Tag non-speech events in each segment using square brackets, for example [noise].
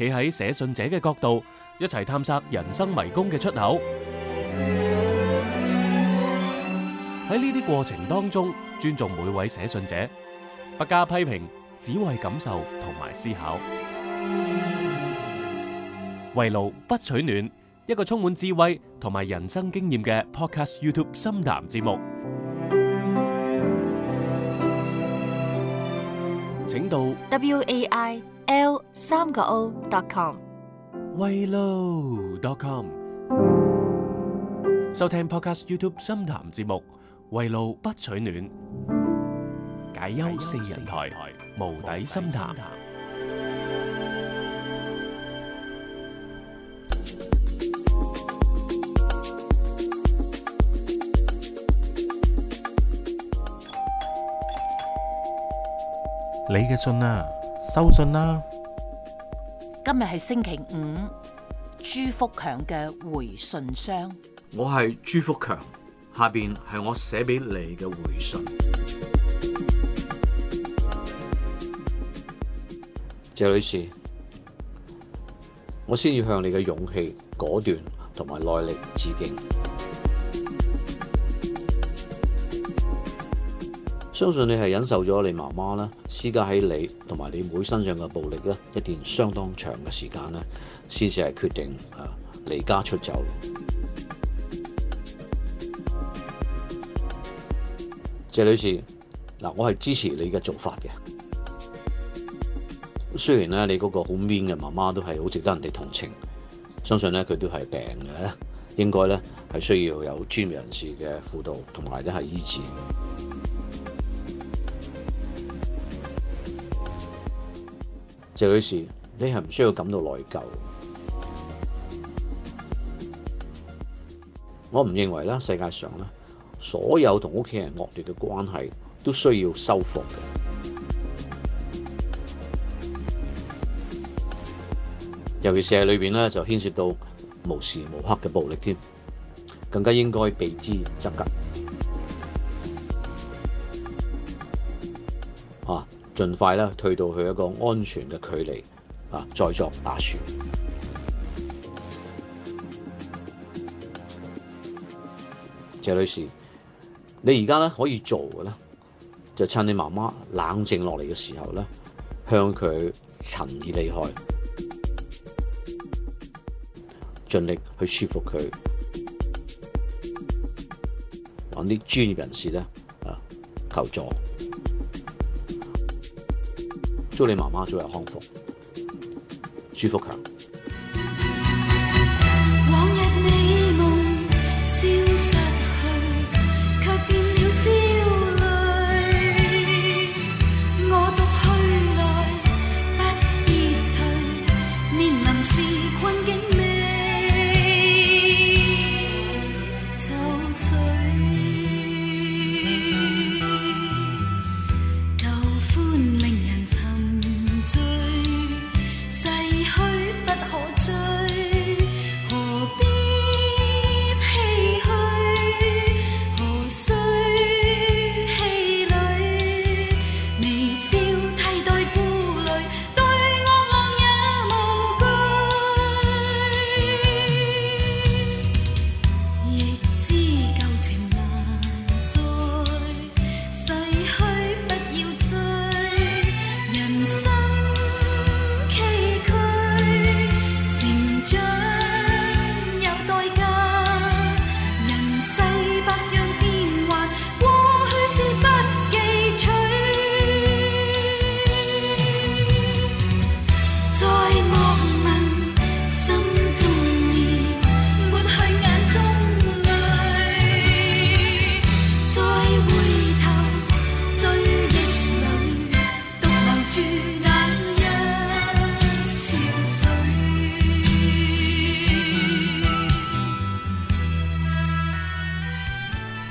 企喺寫信者嘅角度，一齊探索人生迷宮嘅出口。喺呢啲過程當中，尊重每位寫信者，不加批評，只為感受同埋思考。圍爐不取暖，一個充滿智慧同埋人生經驗嘅 Podcast YouTube 深談節目，請到 WAI。l 三個 o dot com，維路 dot com，收聽 Podcast YouTube 心談節目，圍爐不取暖，解憂四人台，無底心談。你嘅信啊！收信啦！今日係星期五，朱福強嘅回信箱。我係朱福強，下面係我寫俾你嘅回信。謝女士，我先要向你嘅勇氣、果斷同埋耐力致敬。相信你係忍受咗你媽媽啦，施加喺你同埋你妹身上嘅暴力啦。一段相當長嘅時間咧，先至係決定啊離家出走。 [music] 謝女士，嗱，我係支持你嘅做法嘅。雖然咧你嗰個好 mean 嘅媽媽都係好值得人哋同情，相信咧佢都係病嘅，應該咧係需要有專業人士嘅輔導同埋咧係醫治。謝女士，你係唔需要感到內疚。我唔認為世界上所有同屋企人惡劣嘅關係都需要修復嘅，尤其是喺裏面咧就牽涉到無時無刻嘅暴力添，更加應該避之則吉啊。盡快咧退到去一個安全嘅距離啊，再作打算。謝女士，你而家咧可以做嘅咧，就趁你媽媽冷靜落嚟嘅時候咧，向佢陳意離開，盡力去說服佢，揾啲專業人士咧啊求助。祝你媽媽早日康復，朱福強。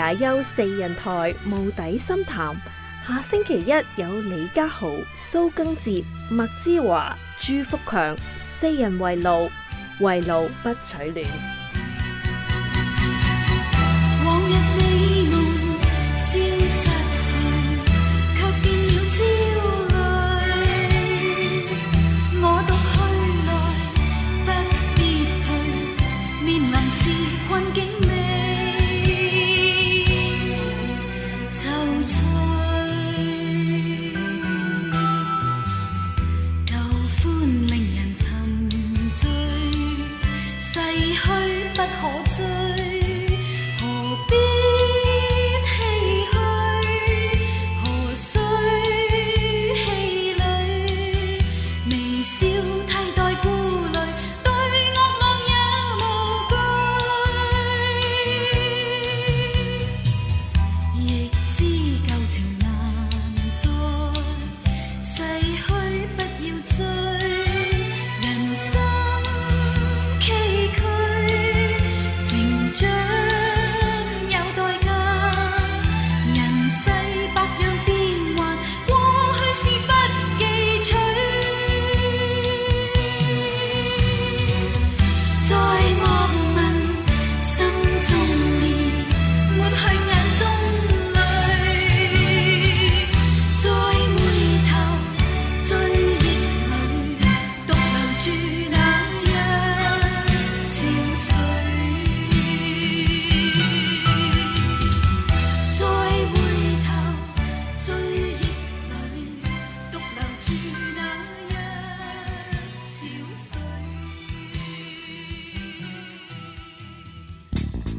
解憂四人台無底深談，下星期一有李家豪、蘇更哲、麥之華、朱福強，四人圍爐圍爐不取暖。